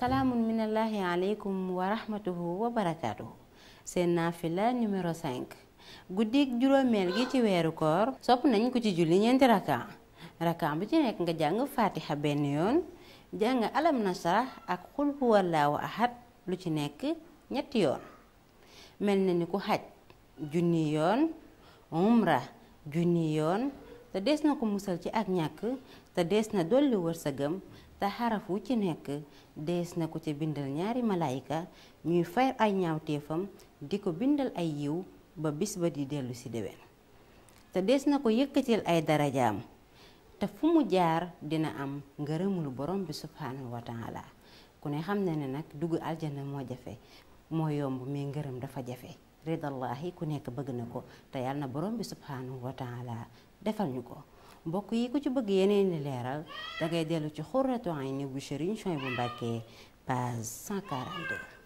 salaamun minallaahi aleykum wa rahmatuhu wa barakaatuhu seen naafila numéro 5 guddik juróomeel gi ci weeru koor sopp nañ ko ci julli ñeenti rakka rakka bu ci nekk nga jàng faatiha benn yoon jàng alam nasrah ak xul huwallaahu ahad lu ci nekk ñetti yoon mel na ni ku xaj junni yoon umra junni yoon te dees na ko musal ci ak ñàkk te dees na dolli wërsëgam te xaraf wu ci nekk dees na ko ca bindal ñaari malaayika ñuy fayar ay ñaawteefam di ko bindal ay yiw ba bis ba di dellusi si te dees na ko yëkkatil ay darajaam te fu mu jaar dina am ngërëmulu borom bi subhanahu wa taala ku ne xam na ne nag dugg aljana moo jafe moo yomb mais ngërëm dafa jafe ridallahi ku nekk bëgg na ko te yàlla na borom bi subhanahu wa taala defal ñu ko mbokk yi ku ci bëgg yeneen i leeral da ngay dellu ci xurratu ayni bu Serigne bu Mbacké page 142